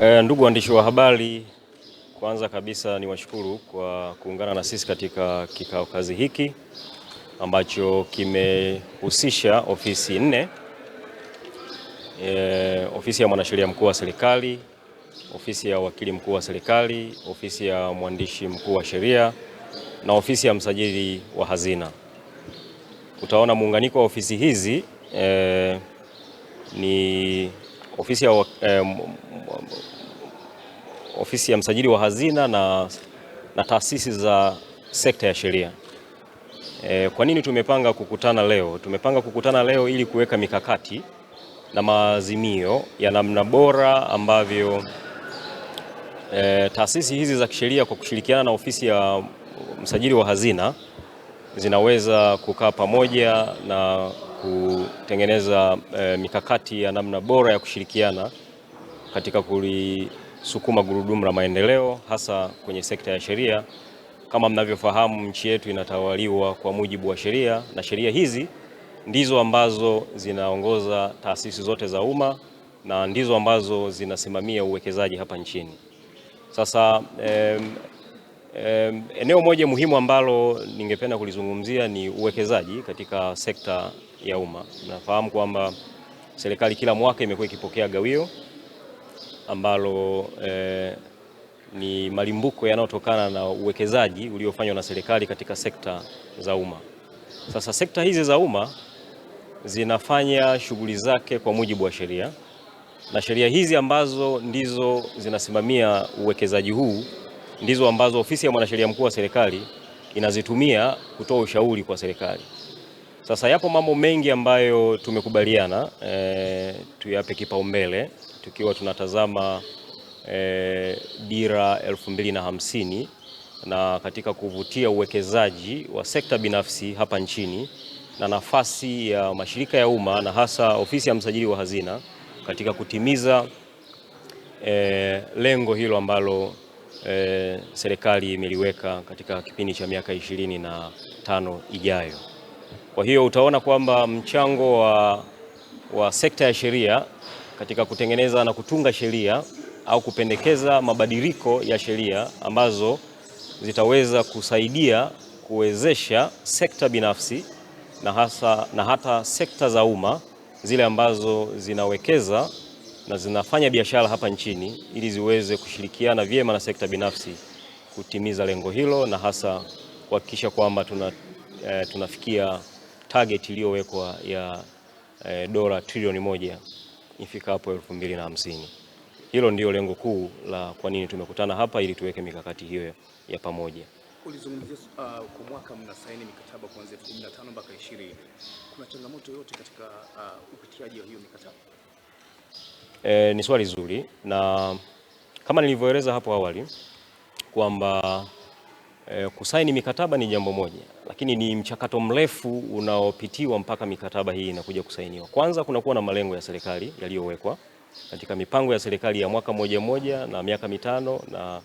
E, ndugu waandishi wa habari, kwanza kabisa ni washukuru kwa kuungana na sisi katika kikao kazi hiki ambacho kimehusisha ofisi nne e, ofisi ya mwanasheria mkuu wa serikali, ofisi ya wakili mkuu wa serikali, ofisi ya mwandishi mkuu wa sheria na ofisi ya msajili wa hazina. Utaona muunganiko wa ofisi hizi e, ni ofisi ya, eh, ofisi ya msajili wa hazina na, na taasisi za sekta ya sheria. Eh, kwa nini tumepanga kukutana leo? Tumepanga kukutana leo ili kuweka mikakati na maazimio ya namna bora ambavyo e, taasisi hizi za kisheria kwa kushirikiana na ofisi ya msajili wa hazina zinaweza kukaa pamoja na kutengeneza e, mikakati ya namna bora ya kushirikiana katika kulisukuma gurudumu la maendeleo hasa kwenye sekta ya sheria. Kama mnavyofahamu, nchi yetu inatawaliwa kwa mujibu wa sheria na sheria hizi ndizo ambazo zinaongoza taasisi zote za umma na ndizo ambazo zinasimamia uwekezaji hapa nchini. Sasa em, em, eneo moja muhimu ambalo ningependa kulizungumzia ni uwekezaji katika sekta ya umma. Nafahamu kwamba serikali kila mwaka imekuwa ikipokea gawio ambalo eh, ni malimbuko yanayotokana na uwekezaji uliofanywa na serikali katika sekta za umma. Sasa sekta hizi za umma zinafanya shughuli zake kwa mujibu wa sheria na sheria hizi ambazo ndizo zinasimamia uwekezaji huu ndizo ambazo ofisi ya mwanasheria mkuu wa serikali inazitumia kutoa ushauri kwa serikali. Sasa yapo mambo mengi ambayo tumekubaliana e, tuyape kipaumbele tukiwa tunatazama e, dira elfu mbili na hamsini na katika kuvutia uwekezaji wa sekta binafsi hapa nchini na nafasi ya mashirika ya umma na hasa ofisi ya msajili wa hazina katika kutimiza e, lengo hilo ambalo e, serikali imeliweka katika kipindi cha miaka ishirini na tano ijayo. Kwa hiyo utaona kwamba mchango wa, wa sekta ya sheria katika kutengeneza na kutunga sheria au kupendekeza mabadiliko ya sheria ambazo zitaweza kusaidia kuwezesha sekta binafsi na, hasa, na hata sekta za umma zile ambazo zinawekeza na zinafanya biashara hapa nchini ili ziweze kushirikiana vyema na sekta binafsi kutimiza lengo hilo na hasa kuhakikisha kwamba tuna, eh, tunafikia target iliyowekwa ya e, dola trilioni moja ifika hapo elfu mbili na hamsini. Hilo ndio lengo kuu la kwa nini tumekutana hapa ili tuweke mikakati hiyo ya pamoja. Ulizungumzia uh, kwa mwaka mnasaini mikataba kuanzia 2015 mpaka 20. Kuna changamoto yote katika uh, upitiaji wa hiyo mikataba? E, ni swali zuri na kama nilivyoeleza hapo awali kwamba E, kusaini mikataba ni jambo moja, lakini ni mchakato mrefu unaopitiwa mpaka mikataba hii inakuja kusainiwa. Kwanza kunakuwa na malengo ya serikali yaliyowekwa katika mipango ya serikali ya mwaka moja moja na miaka mitano, na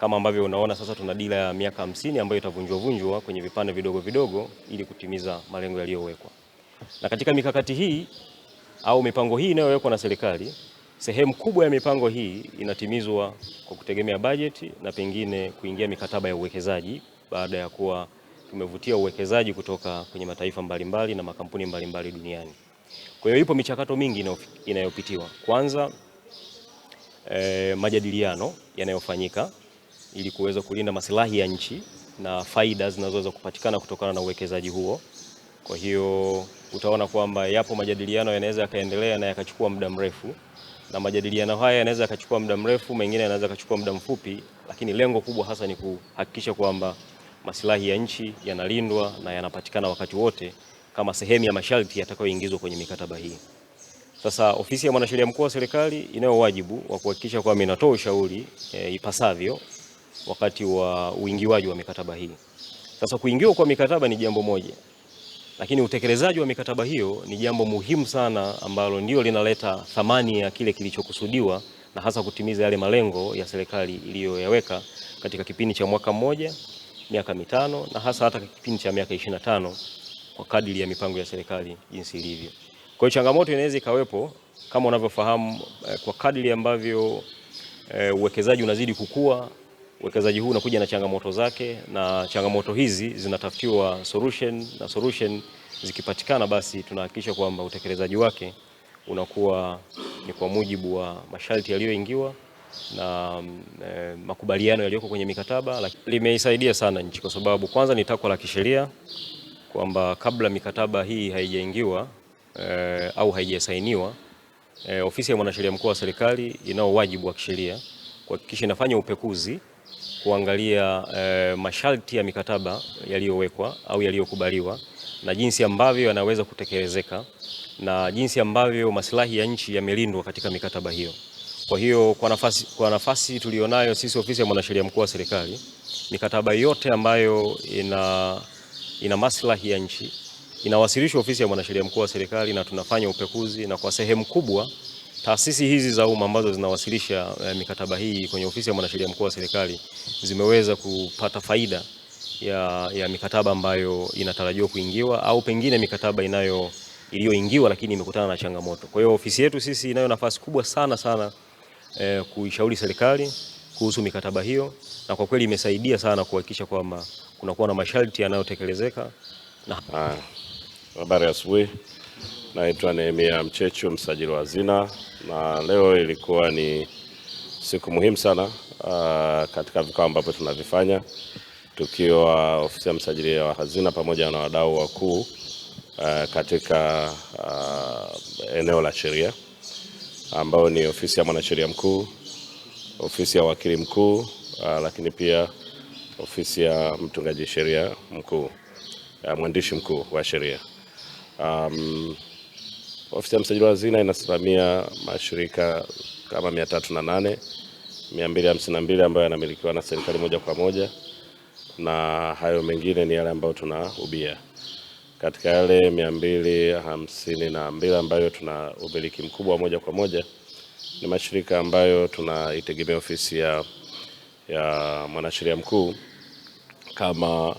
kama ambavyo unaona sasa tuna dira ya miaka hamsini ambayo itavunjwa vunjwa kwenye vipande vidogo vidogo ili kutimiza malengo yaliyowekwa. Na katika mikakati hii au mipango hii inayowekwa na serikali Sehemu kubwa ya mipango hii inatimizwa kwa kutegemea bajeti na pengine kuingia mikataba ya uwekezaji baada ya kuwa tumevutia uwekezaji kutoka kwenye mataifa mbalimbali na makampuni mbalimbali duniani. Kwa hiyo ipo michakato mingi inayopitiwa. Kwanza eh, majadiliano yanayofanyika ili kuweza kulinda masilahi ya nchi na faida zinazoweza kupatikana kutokana na uwekezaji huo. Kwa hiyo utaona kwamba yapo majadiliano yanaweza yakaendelea na yakachukua muda mrefu, na majadiliano haya yanaweza yakachukua muda mrefu, mengine yanaweza yakachukua muda mfupi, lakini lengo kubwa hasa ni kuhakikisha kwamba masilahi ya nchi yanalindwa na yanapatikana wakati wote kama sehemu ya masharti yatakayoingizwa kwenye mikataba hii. Sasa ofisi ya mwanasheria mkuu wa serikali inayo wajibu wa kuhakikisha kwamba inatoa ushauri e, ipasavyo wakati wa uingiwaji wa mikataba hii. Sasa kuingiwa kwa mikataba ni jambo moja, lakini utekelezaji wa mikataba hiyo ni jambo muhimu sana ambalo ndio linaleta thamani ya kile kilichokusudiwa na hasa kutimiza yale malengo ya serikali iliyoyaweka katika kipindi cha mwaka mmoja, miaka mitano na hasa hata kipindi cha miaka 25 kwa kadiri ya mipango ya serikali jinsi ilivyo. Kwa hiyo changamoto inaweza ikawepo kama unavyofahamu, eh, kwa kadiri ambavyo eh, uwekezaji unazidi kukua uwekezaji huu unakuja na changamoto zake, na changamoto hizi zinatafutiwa solution, na solution zikipatikana, basi tunahakikisha kwamba utekelezaji wake unakuwa ni kwa mujibu wa masharti yaliyoingiwa na e, makubaliano yaliyoko kwenye mikataba. limeisaidia sana nchi kwa sababu kwanza ni takwa la kisheria kwamba kabla mikataba hii haijaingiwa e, au haijasainiwa e, ofisi ya mwanasheria mkuu wa serikali inao wajibu wa kisheria kuhakikisha inafanya upekuzi kuangalia e, masharti ya mikataba yaliyowekwa au yaliyokubaliwa na jinsi ambavyo yanaweza kutekelezeka na jinsi ambavyo maslahi ya nchi yamelindwa katika mikataba hiyo. Kwa hiyo kwa nafasi, kwa nafasi tuliyonayo sisi ofisi ya mwanasheria mkuu wa serikali, mikataba yote ambayo ina, ina maslahi ya nchi inawasilishwa ofisi ya mwanasheria mkuu wa serikali na tunafanya upekuzi na kwa sehemu kubwa Taasisi hizi za umma ambazo zinawasilisha eh, mikataba hii kwenye ofisi ya mwanasheria mkuu wa serikali zimeweza kupata faida ya, ya mikataba ambayo inatarajiwa kuingiwa au pengine mikataba inayo iliyoingiwa lakini imekutana na changamoto. Kwa hiyo ofisi yetu sisi inayo nafasi kubwa sana sana eh, kuishauri serikali kuhusu mikataba hiyo, na kwa kweli imesaidia sana kuhakikisha kwamba kunakuwa na masharti yanayotekelezeka. Ah, habari ya asubuhi. Naitwa Nehemia Mchechu, msajili wa hazina, na leo ilikuwa ni siku muhimu sana uh, katika vikao ambavyo tunavifanya tukiwa ofisi ya msajili wa hazina pamoja na wadau wakuu uh, katika uh, eneo la sheria ambayo ni ofisi ya mwanasheria mkuu, ofisi ya wakili mkuu uh, lakini pia ofisi ya mtungaji sheria mkuu, uh, mwandishi mkuu wa sheria um, Ofisi ya msajili wa hazina inasimamia mashirika kama mia tatu na nane mia mbili hamsini na mbili ambayo yanamilikiwa na serikali moja kwa moja, na hayo mengine ni yale ambayo tunahubia. Katika yale mia mbili hamsini na mbili ambayo tuna umiliki mkubwa moja kwa moja ni mashirika ambayo tunaitegemea ofisi ya, ya mwanasheria mkuu kama uh,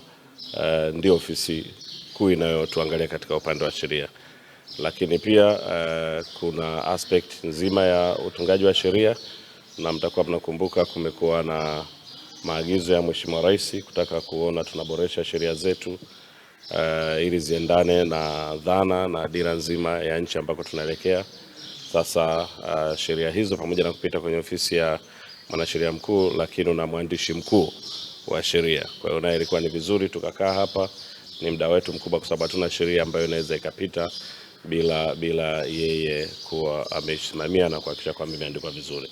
ndio ofisi kuu inayotuangalia katika upande wa sheria lakini pia uh, kuna aspect nzima ya utungaji wa sheria, na mtakuwa mnakumbuka kumekuwa na maagizo ya Mheshimiwa Rais kutaka kuona tunaboresha sheria zetu uh, ili ziendane na dhana na dira nzima ya nchi ambako tunaelekea sasa. Uh, sheria hizo pamoja na kupita kwenye ofisi ya mwanasheria mkuu, lakini una mwandishi mkuu wa sheria. Kwa hiyo naye ilikuwa ni vizuri tukakaa hapa, ni muda wetu mkubwa, kwa sababu hatuna sheria ambayo inaweza ikapita bila, bila yeye kuwa amesimamia na kuhakikisha kwamba imeandikwa vizuri.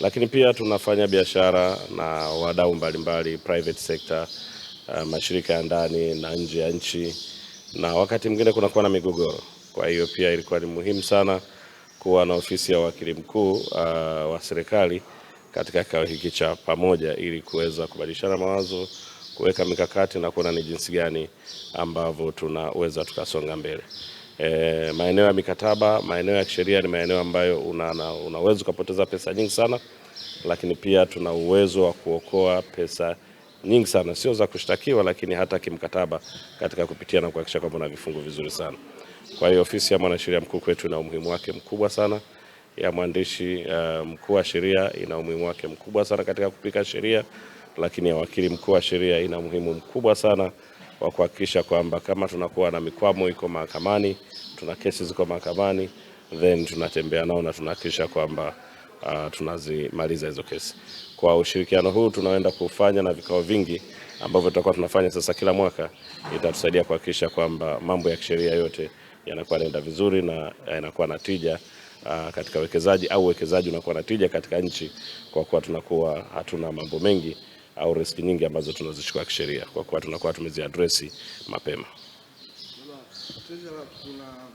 Lakini pia tunafanya biashara na wadau mbalimbali private sector, uh, mashirika ya ndani na nje ya nchi, na wakati mwingine kunakuwa na migogoro. Kwa hiyo pia ilikuwa ni muhimu sana kuwa na ofisi ya wakili mkuu uh, wa serikali katika kikao hiki cha pamoja ili kuweza kubadilishana mawazo, kuweka mikakati na kuona ni jinsi gani ambavyo tunaweza tukasonga mbele. E, maeneo ya mikataba, maeneo ya kisheria ni maeneo ambayo una, unaweza ukapoteza pesa nyingi sana, lakini pia tuna uwezo wa kuokoa pesa nyingi sana, sio za kushtakiwa, lakini hata kimkataba, katika kupitia na kuhakikisha kwamba una vifungu vizuri sana. Kwa hiyo ofisi ya mwanasheria mkuu kwetu ina umuhimu wake mkubwa sana, ya mwandishi uh, mkuu wa sheria ina umuhimu wake mkubwa sana katika kupika sheria, lakini ya wakili mkuu wa sheria ina umuhimu mkubwa sana wa kuhakikisha kwamba kama tunakuwa na mikwamo iko mahakamani, tuna kesi ziko mahakamani, then tunatembea nao na tunahakikisha kwamba uh, tunazimaliza hizo kesi. Kwa ushirikiano huu tunaenda kufanya na vikao vingi ambavyo tutakuwa tunafanya sasa kila mwaka, itatusaidia kuhakikisha kwamba mambo ya kisheria yote yanakuwa yanaenda vizuri na uh, yanakuwa na tija uh, katika wekezaji au uwekezaji unakuwa na tija katika nchi, kwa kuwa tunakuwa hatuna mambo mengi au risk nyingi ambazo tunazochukua kisheria kwa kuwa tunakuwa tumeziadresi mapema.